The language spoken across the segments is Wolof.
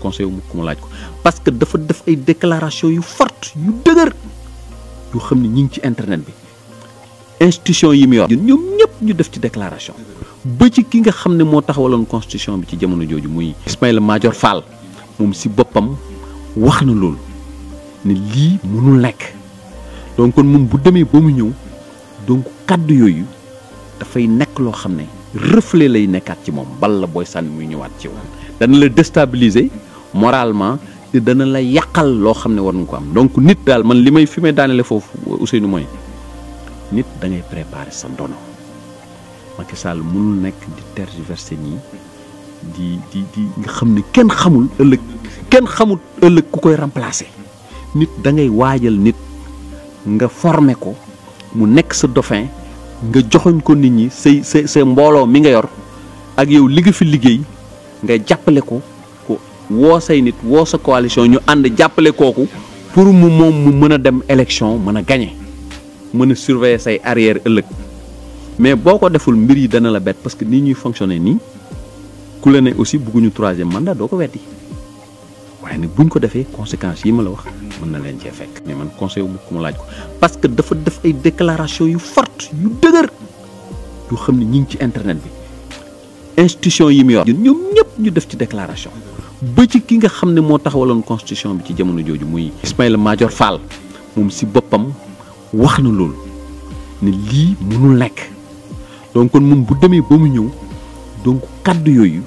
conseil wu mu laaj ko parce que dafa def ay déclaration yu forte yu dëgër yu xam ne ñi ngi ci internet bi institution yi mu yor ñoom ñëpp ñu def ci déclaration ba ci ki nga xam ne moo taxawaloon constitution bi ci jamono jooju muy Ismaïla Madior Fall moom si boppam wax na loolu ne lii mënul nekk donc kon moom bu demee ba mu ñëw donc kàddu yooyu dafay nekk loo xam ne reflet lay nekkaat ci moom bal la booy sànni muy ñëwaat ci woon dana la déstabiliser moralement te dana la yàqal loo xam ne war nga ko am donc nit daal man li may fi may daanele foofu Ousseynou mooy nit da ngay préparer sa ndono Macky mënul nekk di tergiverser nii di di nga xam ne kenn xamul ëllëg kenn xamul ëllëg ku koy remplacer nit da waajal nit nga former ko mu nekk sa dauphin nga joxoñ ko nit ñi say sa say mbooloo mi nga yor ak yow li nga fi liggéey ngay jàppale ko ko woo say nit woo sa coalition ñu ànd jàppale kooku pour mu moom mu mën a dem élection mën a gañe mën a surveiller say arrière ëllëg mais boo ko deful mbir yi dana la bett parce que nii ñuy fonctionner nii ku la ne aussi bëgguñu troisième mandat doo ko weddi waaye bu buñ ko defee conséquences yi ma la wax mën na leen cee fekk. mais man conseil bu ku ma laaj ko parce que dafa def ay déclaration yu fort yu dëgër yu xam ne ñi ngi ci internet bi. institution yi mu yor ñun ñoom ñëpp ñu def ci déclaration ba ci ki nga xam ne moo taxawaloon constitution bi ci jamono jooju muy Ismaïla Madior Fall moom si boppam wax na loolu ne lii mënul nekk donc kon mun bu demee ba mu ñëw donc kàddu yooyu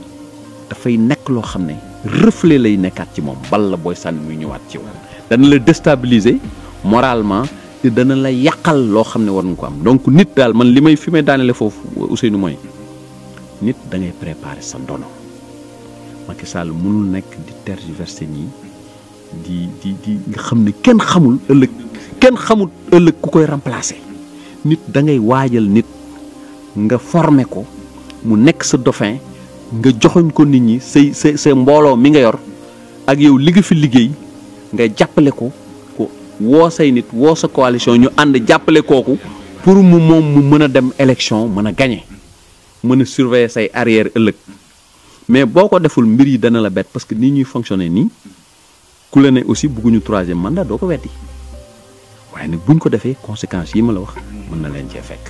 dafay nekk loo xam ne reflet lay nekkaat ci moom bal la booy sànni muy ñëwaat ci yow dana la déstabiliser moralement te dana la yàqal loo xam ne war ko am donc nit daal man li may fi may daanele foofu Ousseynou mooy nit da ngay préparer sa ndono Macky mënul nekk di tergiverser nii di di di nga xam ne kenn xamul ëllëg kenn xamul ëllëg ku koy remplacer nit da waajal nit nga former ko mu nekk sa dauphin nga joxoñ ko nit ñi say sa say mbooloo mi nga yor ak yow li fi liggéey nga jàppale ko ko woo say nit woo sa coalition ñu ànd jàppale kooku pour mu moom mu mën a dem élection mën a gagner mën a surveiller say arrière ëllëg mais boo ko deful mbir yi dana la bett parce que nii ñuy fonctionner nii ku la ne aussi bëgguñu troisième mandat doo ko weddi waaye nag ñu ko defee conséquences yi ma la wax mën na leen cee fekk.